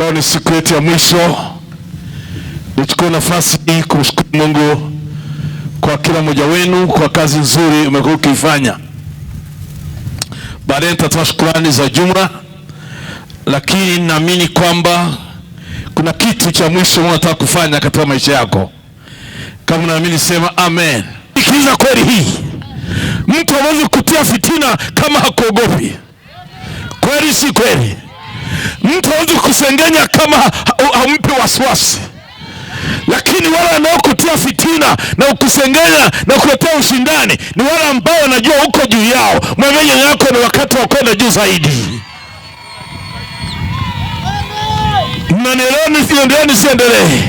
Leo ni siku yetu ya mwisho. Nichukue nafasi hii kumshukuru Mungu kwa kila mmoja wenu kwa kazi nzuri umekuwa ukiifanya. Baadaye nitatoa shukurani za jumla, lakini naamini kwamba kuna kitu cha mwisho unataka kufanya katika maisha yako. Kama naamini sema amen. Sikiliza kweli hii, mtu hawezi kutia fitina kama hakuogopi. Kweli si kweli? Mtu hawezi kusengenya kama hampi wasiwasi, lakini wale wanaokutia fitina na ukusengenya na kuletea ushindani ni wale ambao wanajua huko juu yao. Mwenyenye yako ni wakati wa kwenda juu zaidi. Mnanielewa? Nisiendelee? Nisiendelee?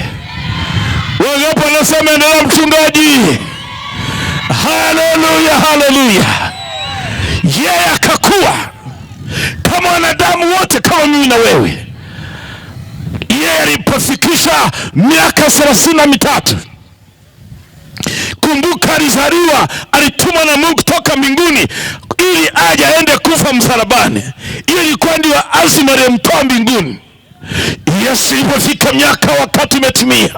Wangapo anasema endelea, mchungaji. Haleluya, haleluya. Yeye akakuwa kama wanadamu wote kama mimi na wewe. Yeye alipofikisha miaka thelathini na mitatu, kumbuka, alizaliwa alitumwa na Mungu toka mbinguni ili aje aende kufa msalabani. Hiyo ilikuwa ndio azima aliyemtoa mbinguni. Yesu ilipofika miaka, wakati umetimia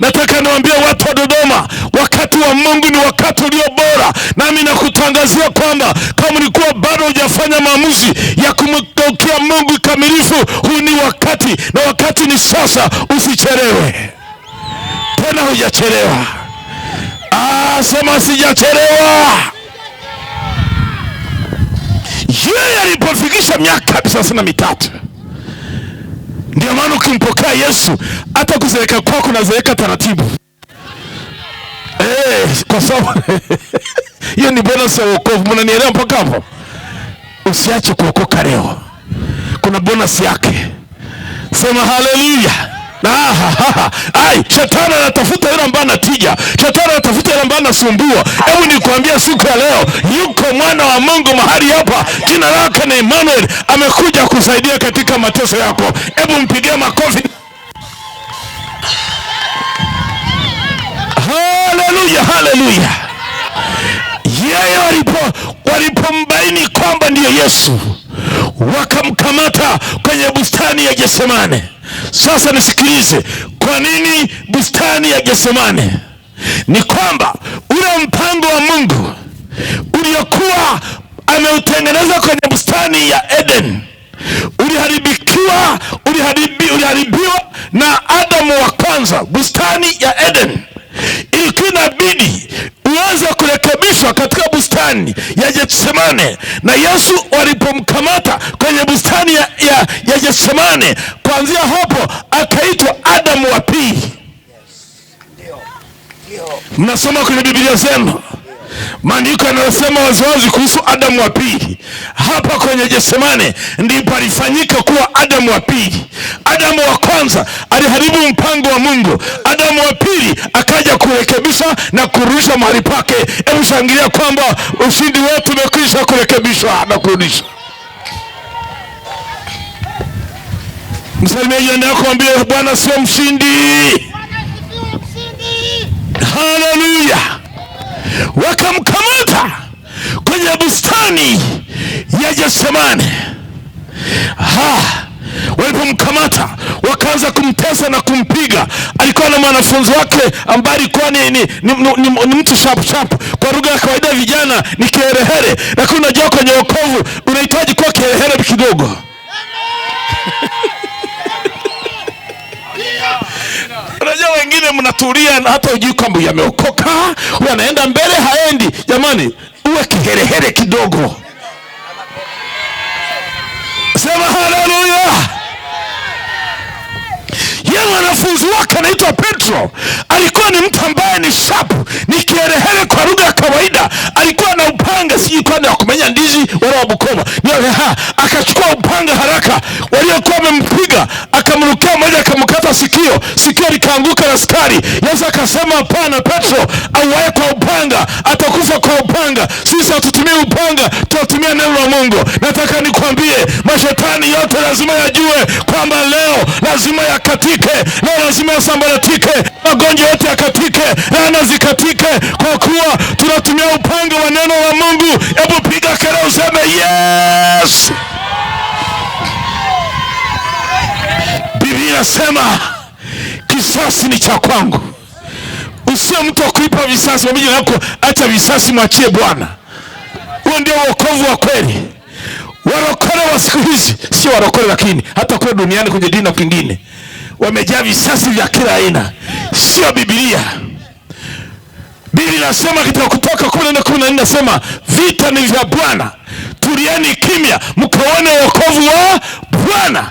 Nataka niwaambie watu wa Dodoma, wakati wa Mungu ni wakati ulio bora, nami nakutangazia kwamba kama ulikuwa bado hujafanya maamuzi ya kumgeukia Mungu kamilifu huu ni wakati, na wakati ni sasa. Usichelewe tena, hujachelewa. Ah, sema sijachelewa. Yeye alipofikisha miaka tisini na mitatu ndio maana ukimpokea Yesu hata kuzeeka kwako nazeeka taratibu hey, eh, kwa sababu hiyo ni bonus ya wokovu. Mnanielewa mpaka hapo? Usiache kuokoka leo, kuna bonus yake. Sema haleluya. Ah, ai, shetani anatafuta yule ambaye anatija, shetani anatafuta yule ambaye anasumbua. Hebu nikuambia siku ya leo, yuko mwana wa Mungu mahali hapa, jina lake ni Emmanuel, amekuja kusaidia katika mateso yako. Hebu mpigie makofi. Haleluya, haleluya! Yeye walipombaini kwamba ndiyo Yesu wakamkamata kwenye bustani ya jesemane Sasa nisikilize, kwa nini bustani ya jesemane Ni kwamba ule mpango wa Mungu uliokuwa ameutengeneza kwenye bustani ya Eden uliharibikiwa, uliharibi, uliharibiwa na Adamu wa kwanza. Bustani ya Eden ilikuwa inabidi uweze kurekebishwa katika bustani Getsemane Na Yesu walipomkamata kwenye bustani ya, ya, ya Getsemane, kuanzia hapo akaitwa Adamu wa pili. Mnasoma kwenye Biblia zenu. Maandiko yanayosema waziwazi kuhusu Adamu wa pili hapa kwenye jesemane ndipo alifanyika kuwa Adamu wa pili. Adamu wa kwanza aliharibu mpango wa Mungu, Adamu wa pili akaja kurekebisha na kurudisha mahali pake. Hebu shangilia kwamba ushindi wetu umekwisha kurekebishwa na kurudisha. Msalimia jirani yako, mwambie Bwana sio mshindi. Haleluya! wakamkamata kwenye bustani ya jesemane Walipomkamata wakaanza kumtesa na kumpiga. Alikuwa na mwanafunzi wake ambaye alikuwa ni, ni, ni, ni, ni mtu shapshap kwa lugha ya kawaida vijana ni kiherehere, lakini unajua kwenye wokovu unahitaji kuwa kiherehere kidogo Unajua wengine mnatulia na hata ujui kwamba yameokoka, huyo anaenda mbele haendi. Jamani, uwe kiherehere kidogo. Sema haleluya. Yeye mwanafunzi wake anaitwa Petro, alikuwa ni mtu ambaye ni shapu, ni kiherehere kwa lugha ya kawaida. Alikuwa na upanga, sijui kwani wa kumenya ndizi wala wa Bukoma, akachukua upanga haraka, waliokuwa wamempiga akamrukia mmoja kwa sikio, sikio likaanguka na stari. Yesu akasema hapana, Petro, auwae kwa upanga atakufa kwa upanga. Sisi hatutumii upanga, tunatumia neno la Mungu. Nataka nikwambie, mashetani yote lazima yajue kwamba leo lazima yakatike, leo lazima yasambaratike, magonjwa yote yakatike, laana zikatike, kwa kuwa tunatumia upanga wa neno la Mungu. Hebu piga kelele useme Yesu! inasema kisasi ni cha kwangu. Usio mtu wa kulipa visasi mabiji yako, acha visasi, mwachie Bwana. Huo ndio wokovu wa kweli. Warokole wa siku hizi sio warokole, lakini hata kule duniani kwenye dini na kwingine wamejaa visasi vya kila aina, sio Biblia. Biblia nasema katika Kutoka na 14:14 nasema vita ni vya Bwana, tulieni kimya mkaone wokovu wa Bwana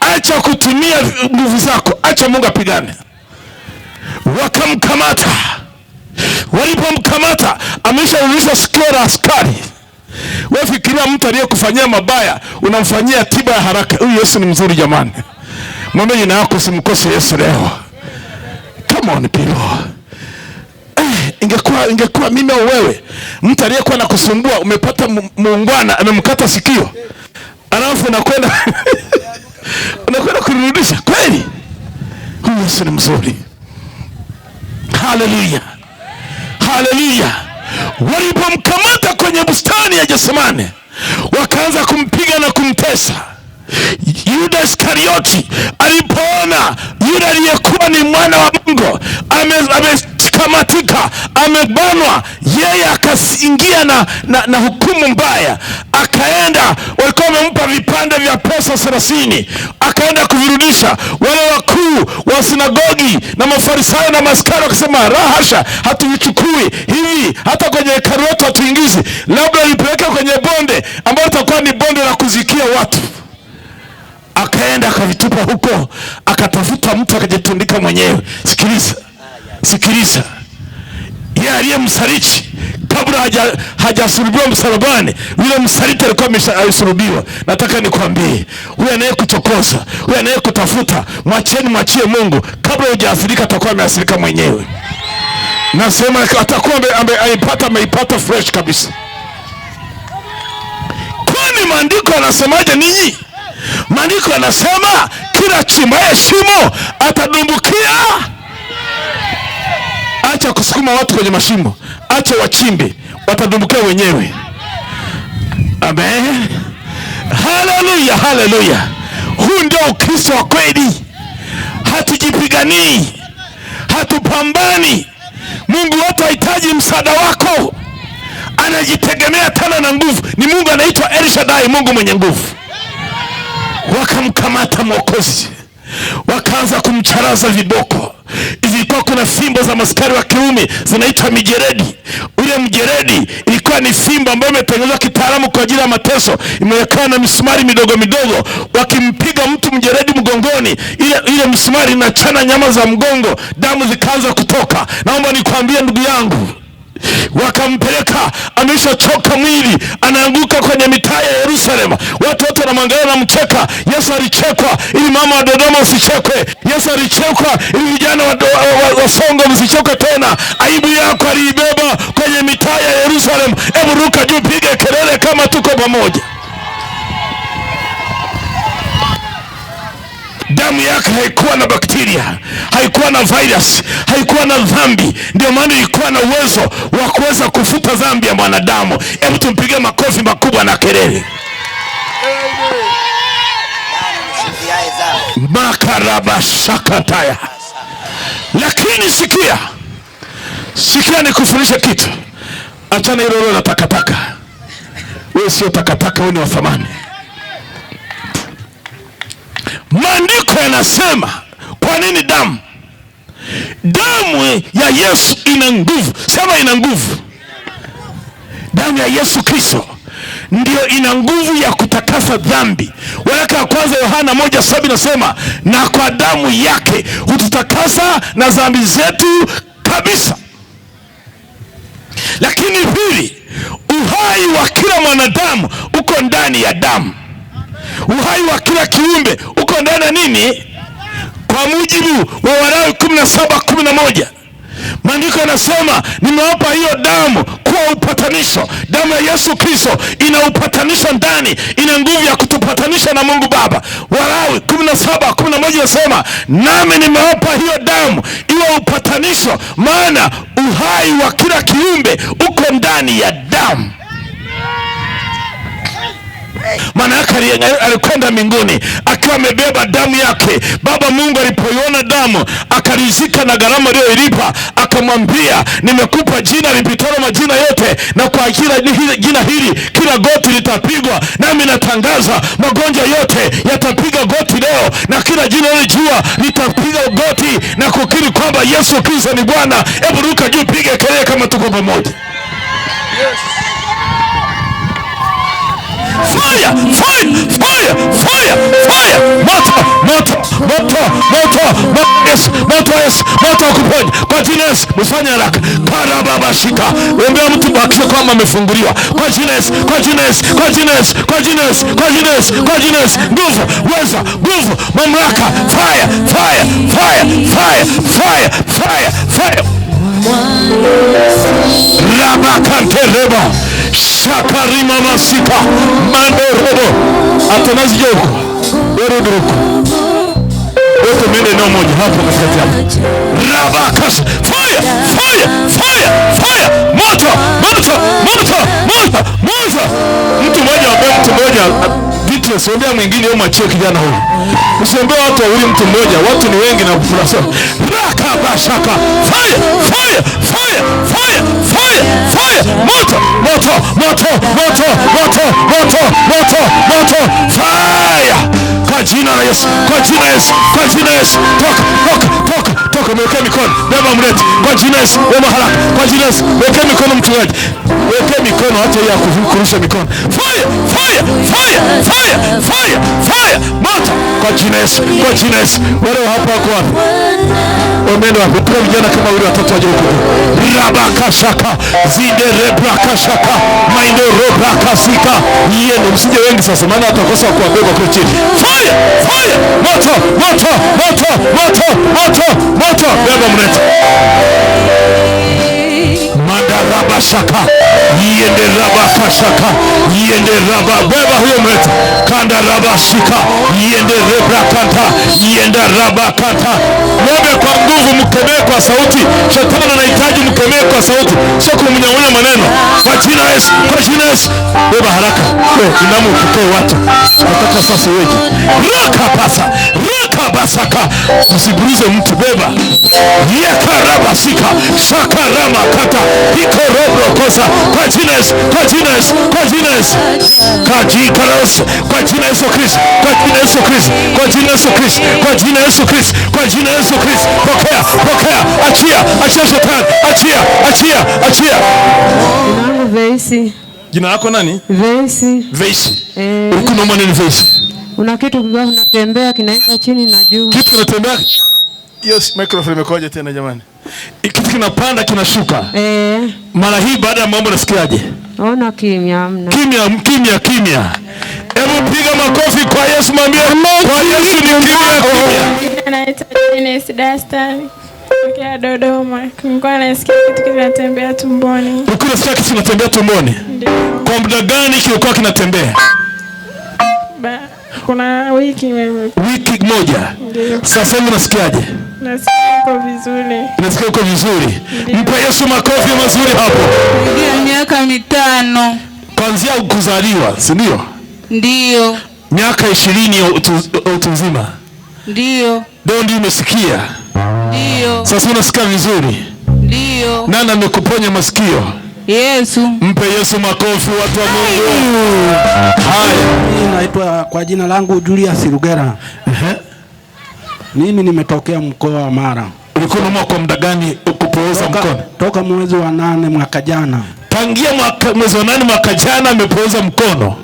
acha kutumia nguvu zako, acha Mungu apigane. Wakamkamata, walipomkamata ameshaulisha sikio la askari. fikiria mtu aliyekufanyia mabaya unamfanyia tiba ya haraka. Huyu Yesu ni mzuri jamani, mwambie jina yako, simkose Yesu leo. Come on people. Eh, ingekuwa ingekuwa mimi au wewe, mtu aliyekuwa nakusumbua, umepata muungwana amemkata sikio, alafu nakwenda unakwenda kulirudisha kweli. Huyu Yesu ni mzuri. Haleluya, haleluya. Walipomkamata kwenye bustani ya Jesemane, wakaanza kumpiga na kumtesa. Yuda Iskarioti alipoona Yuda aliyekuwa ni mwana wa Mungu ame, ame akakamatika, amebanwa yeye, akaingia na, na, na hukumu mbaya, akaenda. Walikuwa wamempa vipande vya pesa thelathini, akaenda kuvirudisha. Wale wakuu wa sinagogi na mafarisayo na maskari wakasema, rahasha, hatuvichukui hivi, hata kwenye hekalu wetu hatuingizi, labda lipeleke kwenye bonde ambalo itakuwa ni bonde la kuzikia watu akaenda akavitupa huko, akatafuta mtu akajitundika mwenyewe. Sikiliza. Sikiliza, yeye aliye msaliti kabla hajasulubiwa haja msalabani, yule msaliti alikuwa amesulubiwa. Nataka nikwambie, huyu anayekuchokoza, huyu anayekutafuta, mwacheni, mwachie Mungu. Kabla hujaathirika, atakuwa ameathirika mwenyewe. Nasema atakuwa ameipata, ameipata fresh kabisa. Kwani maandiko yanasemaje ninyi? Maandiko yanasema kila chimbaye shimo atadumbukia Acha kusukuma watu kwenye mashimo, acha wachimbe, watadumbukia wenyewe. Amen, haleluya, haleluya. Huu ndio Ukristo wa kweli. Hatujipiganii, hatupambani. Mungu wetu hahitaji msaada wako, anajitegemea tena na nguvu. Ni Mungu anaitwa Elshadai, Mungu mwenye nguvu. Wakamkamata Mwokozi wakaanza kumcharaza viboko. Ilikuwa kuna fimbo za maskari wa kiume zinaitwa mijeredi. Ule mjeredi ilikuwa ni fimbo ambayo imetengenezwa kitaalamu kwa ajili ya mateso, imewekewa na misumari midogo midogo. Wakimpiga mtu mjeredi mgongoni, ile, ile misumari inachana nyama za mgongo, damu zikaanza kutoka. Naomba nikwambie ndugu yangu wakampeleka ameshachoka mwili, anaanguka kwenye mitaa ya Yerusalemu. Watu wote wanamwangalia, mcheka. Yesu alichekwa ili mama wa Dodoma usichekwe. Yesu alichekwa ili vijana wa, wa, wa Songo msichekwe tena. Aibu yako aliibeba kwenye mitaa ya Yerusalemu. Hebu ruka juu, piga kelele kama tuko pamoja. damu yake haikuwa na bakteria, haikuwa na virus, haikuwa na dhambi. Ndio maana ilikuwa na uwezo wa kuweza kufuta dhambi ya mwanadamu. Hebu tumpige makofi makubwa na kelele makarabashakataya. Lakini sikia, sikia, nikufundishe kitu. Achana hilo la takataka. Wewe sio takataka, wewe ni wa thamani. Maandiko yanasema kwa nini damu? Damu ya Yesu ina nguvu. Sema ina nguvu. Damu ya Yesu Kristo ndiyo ina nguvu ya kutakasa dhambi. Waraka wa kwanza Yohana moja saba inasema, na kwa damu yake hututakasa na dhambi zetu kabisa. Lakini pili, uhai wa kila mwanadamu uko ndani ya damu uhai wa kila kiumbe uko ndani ya nini? Kwa mujibu wa Walawi 17:11 maandiko yanasema, nimewapa hiyo damu kuwa upatanisho. Damu ya Yesu Kristo ina upatanisho ndani, ina nguvu ya kutupatanisha na Mungu Baba. Walawi 17:11 nasema, nami nimewapa hiyo damu iwe upatanisho, maana uhai wa kila kiumbe uko ndani ya damu. Maana yake alikwenda mbinguni akiwa amebeba damu yake. Baba Mungu alipoiona damu akarizika na gharama aliyoilipa, akamwambia nimekupa jina lipitalo majina yote, na kwa ajili ya jina hili kila goti litapigwa. Nami natangaza magonjwa yote yatapiga goti leo, na kila jina jua litapiga goti na kukiri kwamba Yesu Kristo ni Bwana. Hebu ruka juu, piga kelele kama tuko pamoja, yes fire, fire, fire, fire, fire. Moto, moto, moto, moto, moto, yes, moto, yes, moto wakuponya kwa jina Yesu. Msifanye haraka, karababa shika, ombea mtu bakisha kwamba amefunguliwa kwa jina Yesu, kwa jina Yesu, kwa jina Yesu, kwa jina Yesu, kwa jina Yesu, kwa jina Yesu. Nguvu, uweza, nguvu, mamlaka, fire, fire, fire, fire, fire, fire, fire. Rabakantereba shakarima masika mandorobo atanazi yoko urudi huko wote mende eneo moja hapo katikati hapo rabakasa fire fire fire fire moto moto moto moto moto mtu mmoja ambaye mtu mmoja Beatles ombea mwingine yeye mwachie kijana huyu usiombea watu wawili mtu mmoja watu ni wengi na kufurasa bashaka fire fire fire fire fire fire moto moto moto moto moto moto moto moto fire kwa jina la Yesu kwa jina la Yesu kwa jina la Yesu toka toka toka toka mwekee mikono beba mlete kwa jina la Yesu wewe haraka kwa jina la Yesu wekee mikono mchungaji wekee mikono hata ya kurusha mikono fire fire fire fire fire fire moto kwa jina la Yesu kwa jina la Yesu wewe hapa wako meno yako. Toa vijana kama wale watoto wa Yakobo. Rabakashaka zide rebrakashaka maino rebrakasika yenu, msije wengi sasa, maana atakosa kuwabeba kwa chini. Fire fire, moto moto moto moto moto moto, beba madaraba shaka Yende raba kashaka yende raba beba huyo mleta kanda raba shika yende rebra kanta yende raba kanta. Mwombe kwa nguvu, mkemee kwa sauti. Shetani anahitaji mkemee kwa sauti, sio kumnyang'anya maneno. Kwa jina Yesu, kwa jina Yesu, beba haraka we inamu ukitoe watu nataka sasa weje raka basa raka basaka, usigurize mtu, beba yeka raba shika shaka sasa kwa jina Yesu, kwa jina Yesu, kwa jina Yesu, kwa jina Yesu, kwa jina Yesu Kristo, kwa jina Yesu Kristo, kwa jina Yesu Kristo, kwa jina Yesu Kristo, kwa jina Yesu Kristo, pokea, pokea, achia, achia shetani, achia, achia, achia. Jina Veisi. Jina lako nani? Veisi. Veisi. Eh, kuna mwana ni Veisi. Una kitu kinatembea kinaenda chini na juu. Kitu kinatembea. Hiyo microphone imekoja tena jamani? kitu kinapanda kinashuka eh. Mara hii baada ya maombi nasikiaje? Ona kimya, amna kimya, kimya, kimya. Hebu piga makofi kwa Yesu, mwambie kwa Yesu ni kimya, kimya. Tokea Dodoma nilikuwa nasikia kitu kinatembea tumboni. Ulikuwa unasikia kitu kinatembea tumboni? Kwa muda gani kilikuwa kinatembea? Ba, kuna wiki mimi. Wiki moja. Sasa hivi unasikiaje? Nasikia uko vizuri. Mpe Yesu makofi mazuri hapo. Ndio, Miaka mitano kuanzia kuzaliwa, si ndio? Ndio. Miaka ishirini ya utu uzima. Ndio. Leo ndio umesikia. Ndio. Sasa unasikia vizuri. Ndio. Nani amekuponya masikio? Yesu. Mpe Yesu makofi watu wa Mungu. Haya. Mimi Naitwa kwa jina langu Julius Rugera. Uh -huh. Mimi nimetokea mkoa wa Mara. Ulikuwa unaumwa kwa muda gani ukupooza mkono? Toka mwezi wa nane mwaka jana. Tangia mwaka, mwezi wa nane mwaka jana amepooza mkono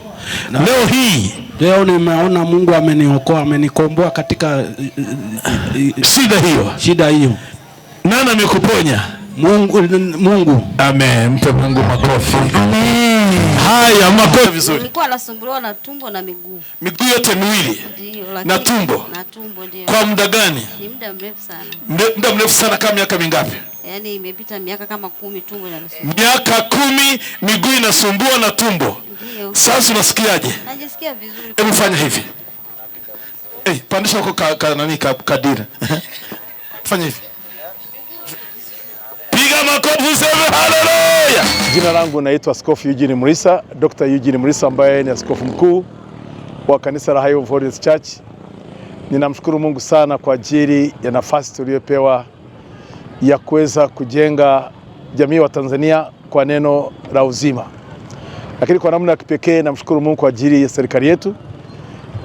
na, leo hii leo nimeona Mungu ameniokoa amenikomboa katika eh, eh, eh, shida hiyo, shida hiyo. Nani amekuponya? Mungu, Mungu. Amen. Mpe Mungu makofi. Amen. Haya, makofi vizuri. Nilikuwa anasumbuliwa na tumbo na miguu. Miguu yote miwili. Na tumbo. Na tumbo ndio. Kwa muda gani? Ni muda mrefu sana. Muda mrefu sana kama miaka mingapi? Yaani imepita miaka kama kumi tumbo inanisumbua. Miaka kumi miguu inasumbua na tumbo. Ndio. Sasa unasikiaje? Najisikia vizuri. Hebu fanya hivi. Eh, hey, pandisha huko ka, ka nani ka, kadira. Fanya hivi. Piga makofi sema haleluya. Haleluya! Jina langu naitwa Askofu Eugene Mulisa, Dr. Eugene Mulisa ambaye ni askofu mkuu wa kanisa la High of Church. Ninamshukuru Mungu sana kwa ajili ya nafasi tuliyopewa ya kuweza kujenga jamii wa Tanzania kwa neno la uzima. Lakini kwa namna ya kipekee namshukuru Mungu kwa ajili ya serikali yetu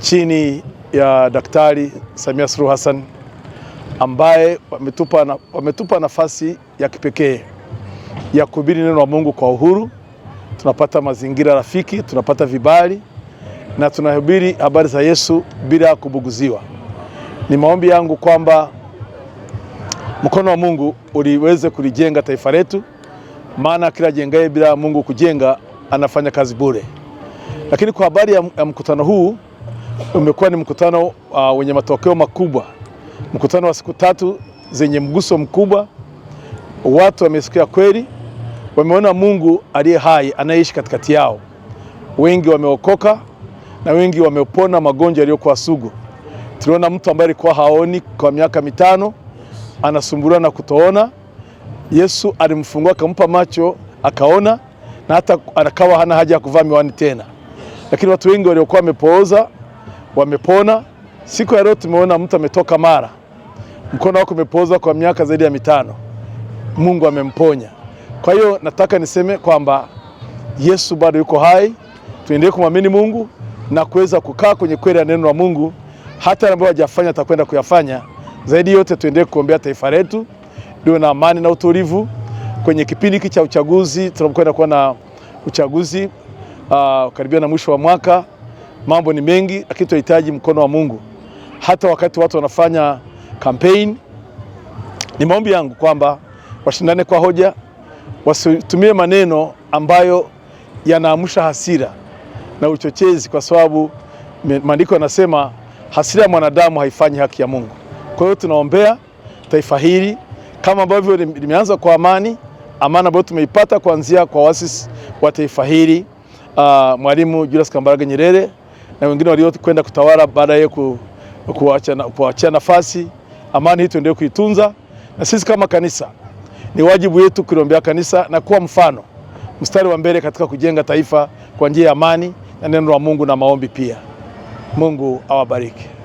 chini ya Daktari Samia Suluhu Hassan ambaye wametupa, na, wametupa nafasi ya kipekee ya kuhubiri neno la Mungu kwa uhuru, tunapata mazingira rafiki, tunapata vibali na tunahubiri habari za Yesu bila kubuguziwa. Ni maombi yangu kwamba mkono wa Mungu uliweze kulijenga taifa letu, maana kila jengaye bila Mungu kujenga anafanya kazi bure. Lakini kwa habari ya mkutano huu, umekuwa ni mkutano uh, wenye matokeo makubwa, mkutano wa siku tatu zenye mguso mkubwa, watu wamesikia kweli wameona Mungu aliye hai anayeishi katikati yao. Wengi wameokoka na wengi wamepona magonjwa yaliyokuwa sugu. Tuliona mtu ambaye alikuwa haoni kwa miaka mitano, anasumbuliwa na kutoona. Yesu alimfungua akampa macho akaona, na hata akawa hana haja ya kuvaa miwani tena. Lakini watu wengi waliokuwa wamepooza wamepona. Siku ya leo tumeona mtu ametoka Mara, mkono wako umepooza kwa miaka zaidi ya mitano, Mungu amemponya. Kwa hiyo nataka niseme kwamba Yesu bado yuko hai, tuendelee kumwamini Mungu na kuweza kukaa kwenye kweli ya neno la Mungu, hata ambayo hajafanya atakwenda kuyafanya. Zaidi yote, tuendelee kuombea taifa letu liwe na amani na utulivu kwenye kipindi hiki cha uchaguzi, tunapokwenda kuwa na uchaguzi uh, karibia na mwisho wa mwaka. Mambo ni mengi, lakini tunahitaji mkono wa Mungu hata wakati watu wanafanya kampeni. Ni maombi yangu kwamba washindane kwa hoja wasitumie maneno ambayo yanaamsha hasira na uchochezi, kwa sababu maandiko yanasema hasira ya mwanadamu haifanyi haki ya Mungu. Kwa hiyo tunaombea taifa hili kama ambavyo limeanza kwa amani, amani ambayo tumeipata kuanzia kwa wasisi wa taifa hili uh, Mwalimu Julius Kambarage Nyerere na wengine waliokwenda kutawala baada ya ku, kuachia nafasi. Amani hii tuendelee kuitunza na sisi kama kanisa ni wajibu wetu kuliombea kanisa na kuwa mfano mstari wa mbele katika kujenga taifa kwa njia ya amani na neno la Mungu na maombi pia. Mungu awabariki.